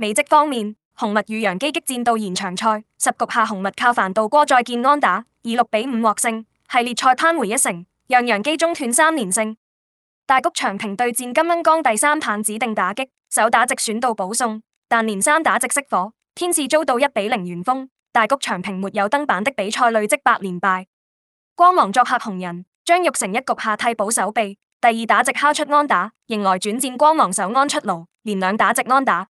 美職方面，紅襪與洋基激戰到延長賽，十局下紅襪靠凡杜哥再見安打以六比五獲勝，系列賽扳回一城，讓洋基中斷三連勝。大谷翔平對戰金鶯第三棒指定打擊，首打席選到保送，但連三打席熄火，天使遭到一比零完封。大谷翔平沒有登板的比賽累積八連敗。光芒作客紅人，張玉成一局下替補守備，第二打席敲出安打，迎來轉戰光芒首安出爐，連兩打席安打。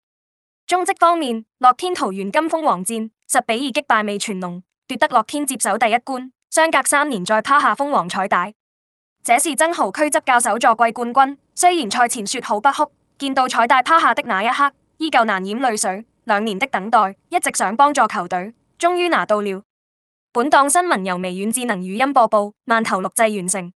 中職方面，樂天桃園金蜂王戰十比二擊敗味全龍，奪得樂天接手第一冠。相隔三年再拋下蜂王彩帶，這是曾豪區執教首座季冠軍。雖然賽前說好不哭，見到彩帶拋下的那一刻，依舊難掩淚水。兩年的等待，一直想幫助球隊，終於拿到了。本檔新聞由微軟智能語音播報，慢頭錄製完成。